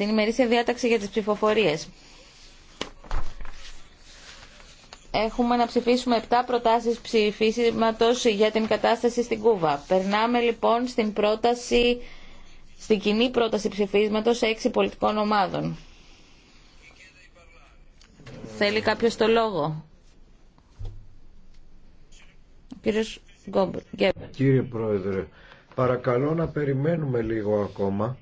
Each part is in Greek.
στην ημερήσια διάταξη για τις ψηφοφορίες. Έχουμε να ψηφίσουμε 7 προτάσεις ψηφίσματος για την κατάσταση στην Κούβα. Περνάμε λοιπόν στην πρόταση, στην κοινή πρόταση ψηφίσματος 6 πολιτικών ομάδων. Θέλει κάποιος το λόγο. Κύριος Γκόμπερ. Κύριε Πρόεδρε, παρακαλώ να περιμένουμε λίγο ακόμα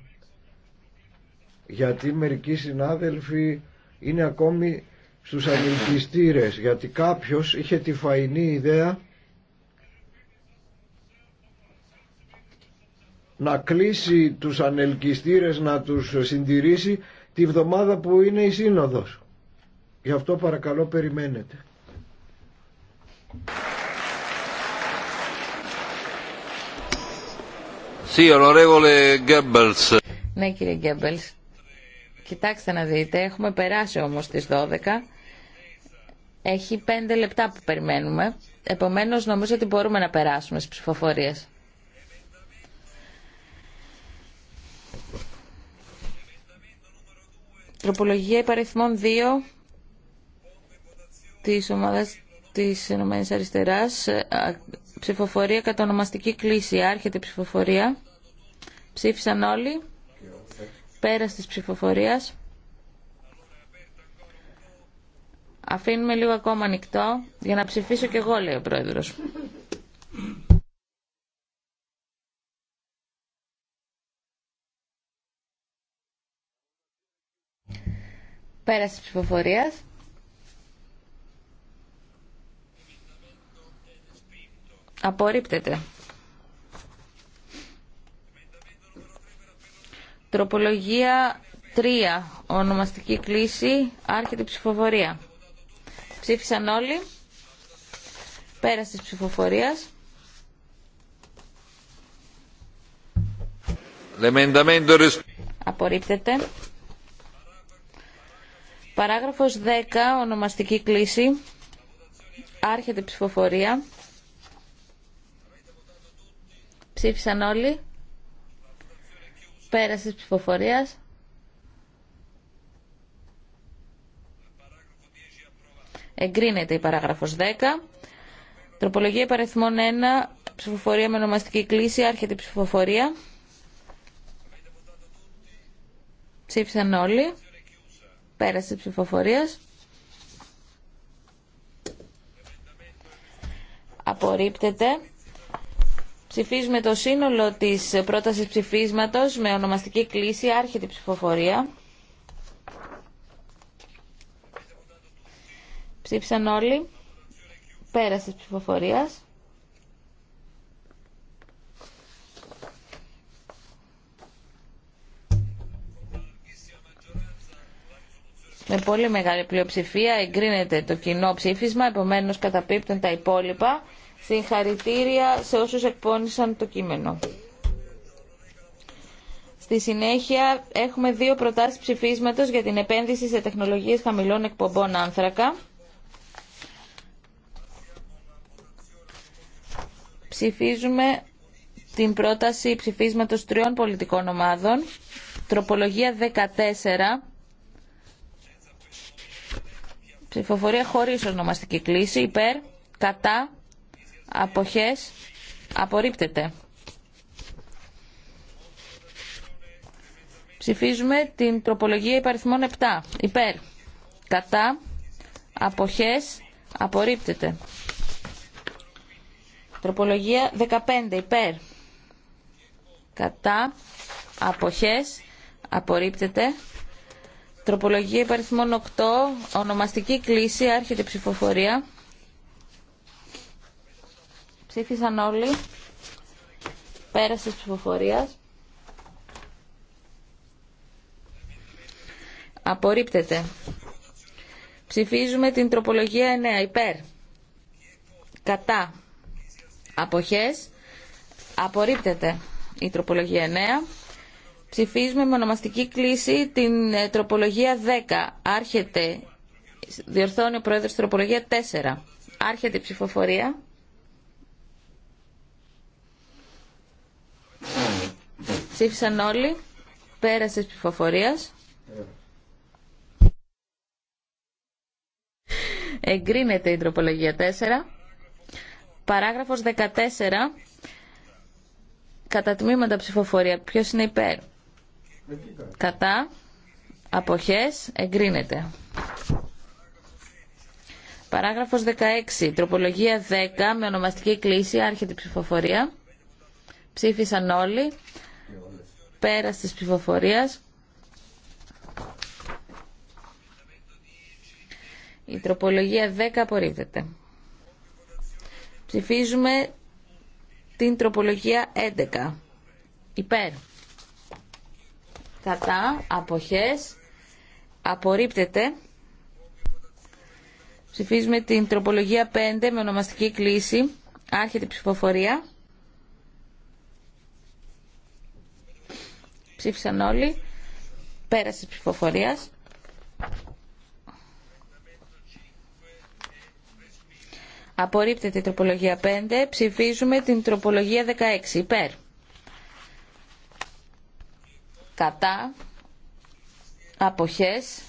γιατί μερικοί συνάδελφοι είναι ακόμη στους ανελκυστήρες γιατί κάποιος είχε τη φαϊνή ιδέα να κλείσει τους ανελκυστήρες να τους συντηρήσει τη βδομάδα που είναι η σύνοδος γι' αυτό παρακαλώ περιμένετε Ναι κύριε Γκέμπελς Κοιτάξτε να δείτε, έχουμε περάσει όμως τις 12. Έχει 5 λεπτά που περιμένουμε. Επομένως νομίζω ότι μπορούμε να περάσουμε στις ψηφοφορίες. Τροπολογία υπαριθμών 2 της ομάδας της Ηνωμένης Αριστεράς. Ψηφοφορία κατά ονομαστική κλίση. Άρχεται η ψηφοφορία. Ψήφισαν όλοι. Πέρας της ψηφοφορίας. Αφήνουμε λίγο ακόμα ανοιχτό για να ψηφίσω και εγώ, λέει ο Πρόεδρος. Πέρας της ψηφοφορίας. Απορρίπτεται. Τροπολογία 3. Ονομαστική κλίση. Άρχεται η ψηφοφορία. Ψήφισαν όλοι. Πέρας της ψηφοφορίας. Απορρίπτεται. Παράγραφος 10. Ονομαστική κλίση. Άρχεται ψηφοφορία. Ψήφισαν όλοι. Πέραση της ψηφοφορίας. Εγκρίνεται η παράγραφος 10. Τροπολογία υπαριθμών 1. Ψηφοφορία με ονομαστική κλίση. Άρχεται η ψηφοφορία. Ψήφισαν όλοι. Πέραση της ψηφοφορίας. Απορρίπτεται. Ψηφίζουμε το σύνολο της πρότασης ψηφίσματος με ονομαστική κλίση άρχεται ψηφοφορία. Ψήφισαν όλοι. Πέρασε της ψηφοφορίας. Με πολύ μεγάλη πλειοψηφία εγκρίνεται το κοινό ψήφισμα, επομένως καταπίπτουν τα υπόλοιπα. Συγχαρητήρια σε όσους εκπώνησαν το κείμενο. Στη συνέχεια έχουμε δύο προτάσεις ψηφίσματος για την επένδυση σε τεχνολογίες χαμηλών εκπομπών άνθρακα. Ψηφίζουμε την πρόταση ψηφίσματος τριών πολιτικών ομάδων. Τροπολογία 14. Ψηφοφορία χωρίς ονομαστική κλίση. Υπέρ, κατά, αποχές απορρίπτεται. Ψηφίζουμε την τροπολογία υπαριθμών 7. Υπέρ. Κατά. Αποχές. Απορρίπτεται. Τροπολογία 15. Υπέρ. Κατά. Αποχές. Απορρίπτεται. Τροπολογία υπαριθμών 8. Ονομαστική κλίση. Άρχεται ψηφοφορία. Ψήφισαν όλοι. Πέρασε της ψηφοφορίας. Απορρίπτεται. Ψηφίζουμε την τροπολογία 9. Υπέρ. Κατά. Αποχές. Απορρίπτεται η τροπολογία 9. Ψηφίζουμε με ονομαστική κλίση την ε, τροπολογία 10. Άρχεται, διορθώνει ο Πρόεδρος τροπολογία 4. Άρχεται η ψηφοφορία. Ψήφισαν όλοι. Πέρασε τη ψηφοφορία. Εγκρίνεται η τροπολογία 4. Παράγραφος 14. Κατά τμήματα ψηφοφορία. Ποιο είναι υπέρ. Κατά. Αποχές. Εγκρίνεται. Παράγραφος 16. Τροπολογία 10 με ονομαστική κλίση. Άρχεται η ψηφοφορία. Ψήφισαν όλοι. ...πέρα της ψηφοφορίας. Η τροπολογία 10 απορρίπτεται. Ψηφίζουμε την τροπολογία 11. Υπέρ. Κατά. Αποχές. Απορρίπτεται. Ψηφίζουμε την τροπολογία 5 με ονομαστική κλίση. Άρχεται η ψηφοφορία. Ψήφισαν όλοι. Πέραση της ψηφοφορίας. Απορρίπτεται η τροπολογία 5. Ψηφίζουμε την τροπολογία 16. Υπέρ. Κατά. Αποχές.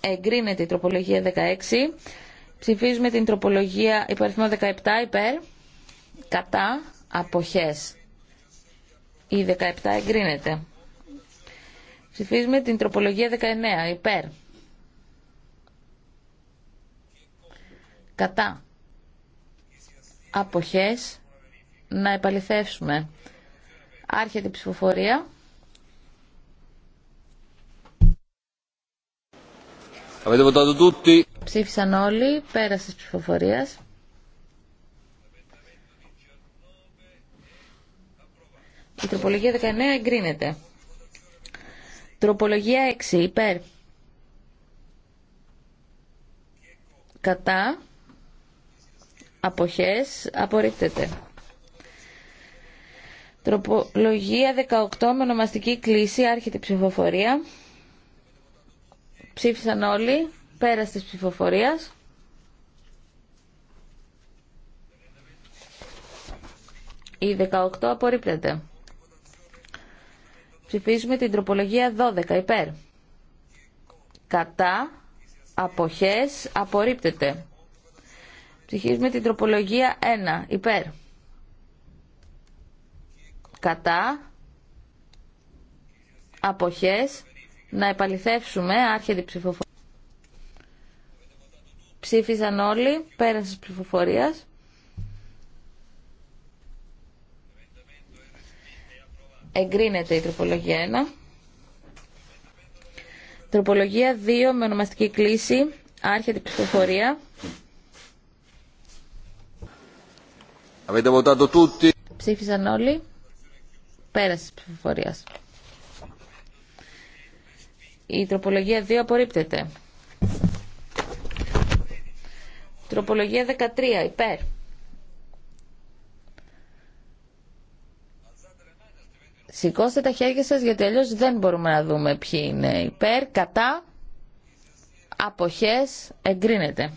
Εγκρίνεται η τροπολογία 16. Ψηφίζουμε την τροπολογία υπαριθμό 17. Υπέρ. Κατά. Αποχές. Η 17 εγκρίνεται. Ψηφίζουμε την τροπολογία 19. Υπέρ. Κατά. Αποχές. Να επαληθεύσουμε. Άρχεται η ψηφοφορία. Ψήφισαν όλοι. Πέρασε τη ψηφοφορία. Η τροπολογία 19 εγκρίνεται. Τροπολογία 6 υπέρ. Κατά. Αποχές. Απορρίπτεται. Τροπολογία 18 με ονομαστική κλίση. Άρχεται η ψηφοφορία. Ψήφισαν όλοι. Πέρας της ψηφοφορίας. Η 18 απορρίπτεται. Ψηφίζουμε την τροπολογία 12 υπέρ. Κατά αποχές απορρίπτεται. Ψηφίζουμε την τροπολογία 1 υπέρ. Κατά αποχές να επαληθεύσουμε άρχεται ψηφοφορία. Ψήφισαν όλοι πέραν της ψηφοφορίας. Εγκρίνεται η τροπολογία 1. Τροπολογία 2 με ονομαστική κλίση. Άρχεται η ψηφοφορία. Ψήφισαν όλοι. Πέρασε τη ψηφοφορία. Η τροπολογία 2 απορρίπτεται. Τροπολογία 13 υπέρ. Σηκώστε τα χέρια σας γιατί αλλιώς δεν μπορούμε να δούμε ποιοι είναι υπέρ, κατά, αποχές, εγκρίνεται.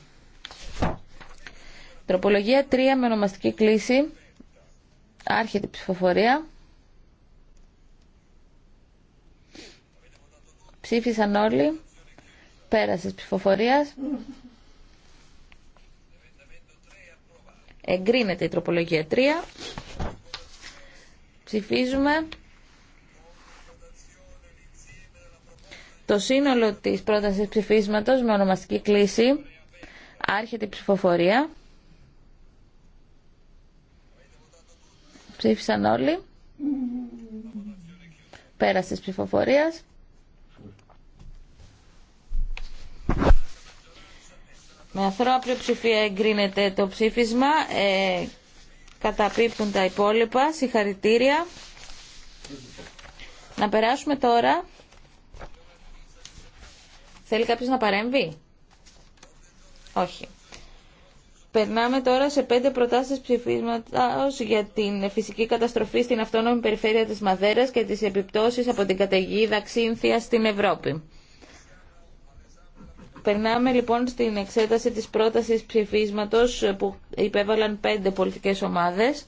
Τροπολογία 3 με ονομαστική κλίση, άρχεται η ψηφοφορία. Ψήφισαν όλοι, πέρασε ψηφοφορία. Εγκρίνεται η τροπολογία 3. Ψηφίζουμε. Το σύνολο της πρότασης ψηφίσματος με ονομαστική κλίση άρχεται η ψηφοφορία. Ψήφισαν όλοι. Πέρασε της ψηφοφορίας. Με πριο ψηφία εγκρίνεται το ψήφισμα. Ε, καταπίπτουν τα υπόλοιπα. Συγχαρητήρια. Να περάσουμε τώρα Θέλει κάποιος να παρέμβει? Όχι. Περνάμε τώρα σε πέντε προτάσεις ψηφίσματος για την φυσική καταστροφή στην αυτόνομη περιφέρεια της Μαδέρας και τις επιπτώσεις από την καταιγίδα Ξύνθια στην Ευρώπη. Περνάμε λοιπόν στην εξέταση της πρότασης ψηφίσματος που υπέβαλαν πέντε πολιτικές ομάδες.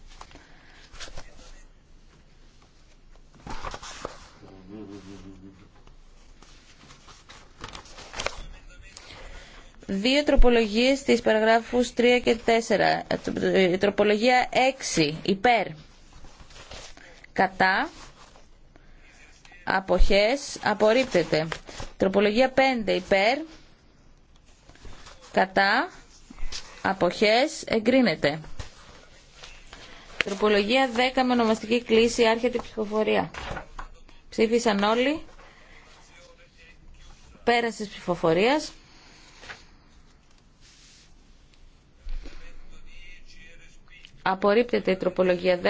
δύο τροπολογίες στις παραγράφους 3 και 4. Η ε, τροπολογία 6 υπέρ κατά αποχές απορρίπτεται. Τροπολογία 5 υπέρ κατά αποχές εγκρίνεται. Τροπολογία 10 με ονομαστική κλίση άρχεται η ψηφοφορία. Ψήφισαν όλοι. Πέρασε ψηφοφορία. Απορρίπτεται η τροπολογία 10.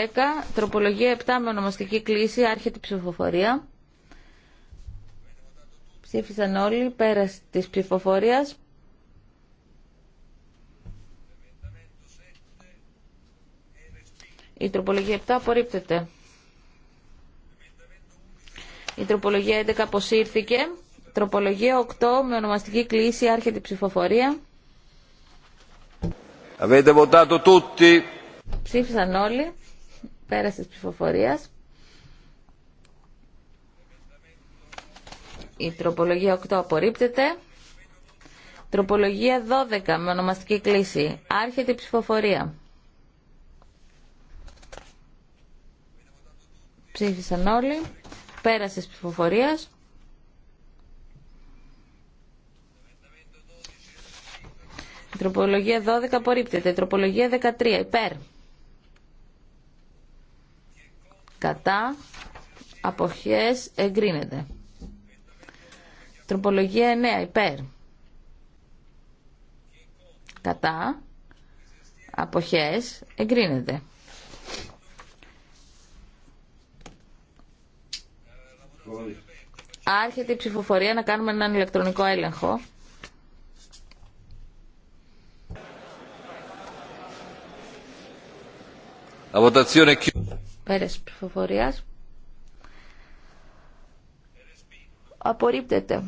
Τροπολογία 7 με ονομαστική κλίση. Άρχεται η ψηφοφορία. Ψήφισαν όλοι πέρα της ψηφοφορίας. Η τροπολογία 7 απορρίπτεται. Η τροπολογία 11 αποσύρθηκε. Τροπολογία 8 με ονομαστική κλίση. Άρχεται η ψηφοφορία. Avete votato tutti. Ψήφισαν όλοι. Πέρασε της ψηφοφορίας. Η τροπολογία 8 απορρίπτεται. Τροπολογία 12 με ονομαστική κλίση. Άρχεται η ψηφοφορία. Ψήφισαν όλοι. Πέρασε της ψηφοφορίας. Η τροπολογία 12 απορρίπτεται. τροπολογία 13 υπέρ. κατά, αποχές, εγκρίνεται. Τροπολογία 9, υπέρ. Κατά, αποχές, εγκρίνεται. Άρχεται η ψηφοφορία να κάνουμε έναν ηλεκτρονικό έλεγχο. Πέρας ψηφοφορίας. Απορρίπτεται.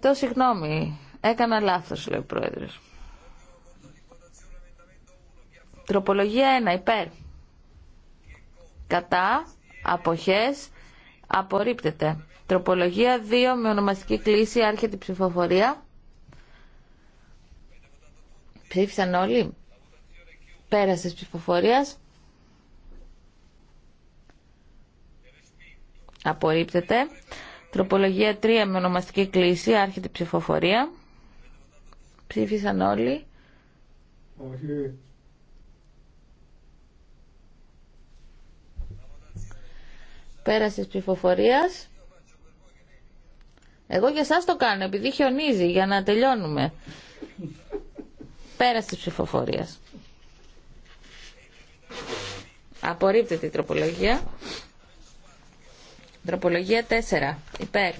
το συγγνώμη. Έκανα λάθος, λέει ο Πρόεδρος. Τροπολογία 1. Υπέρ. Κατά. Αποχές. Απορρίπτεται. Τροπολογία 2 με ονομαστική κλίση άρχεται η ψηφοφορία. Ψήφισαν όλοι. Πέρασε της ψηφοφορίας. Απορρίπτεται. Τροπολογία 3 με ονομαστική κλίση. Άρχεται η ψηφοφορία. Ψήφισαν όλοι. Όχι. Πέρας ψηφοφορίας. Εγώ για σας το κάνω επειδή χιονίζει για να τελειώνουμε. Πέρασε ψηφοφορία. ψηφοφορίας. Απορρίπτεται η τροπολογία. Τροπολογία 4. Υπέρ.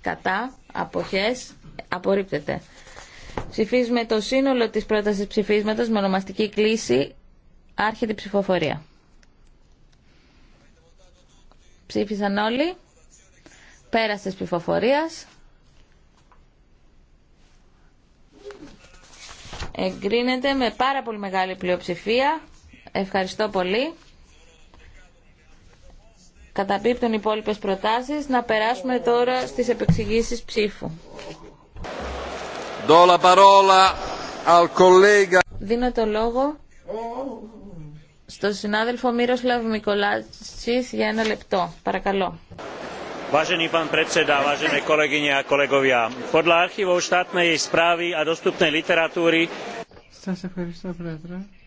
Κατά. Αποχές. Απορρίπτεται. Ψηφίζουμε το σύνολο της πρότασης ψηφίσματος με ονομαστική κλίση. Άρχεται η ψηφοφορία. Ψήφισαν όλοι. Πέρασε της ψηφοφορίας. Εγκρίνεται με πάρα πολύ μεγάλη πλειοψηφία. Ευχαριστώ πολύ. Καταπίπτουν οι υπόλοιπε προτάσει. Να περάσουμε τώρα στις επεξηγήσει ψήφου. Δίνω το λόγο στον συνάδελφο Μύροσλαβ Μικολάτσης για ένα λεπτό. Παρακαλώ. Vážený pán predseda, vážené kolegyne a kolegovia, podľa archívov štátnej správy a dostupnej literatúry Σας ευχαριστώ, Πρόεδρε.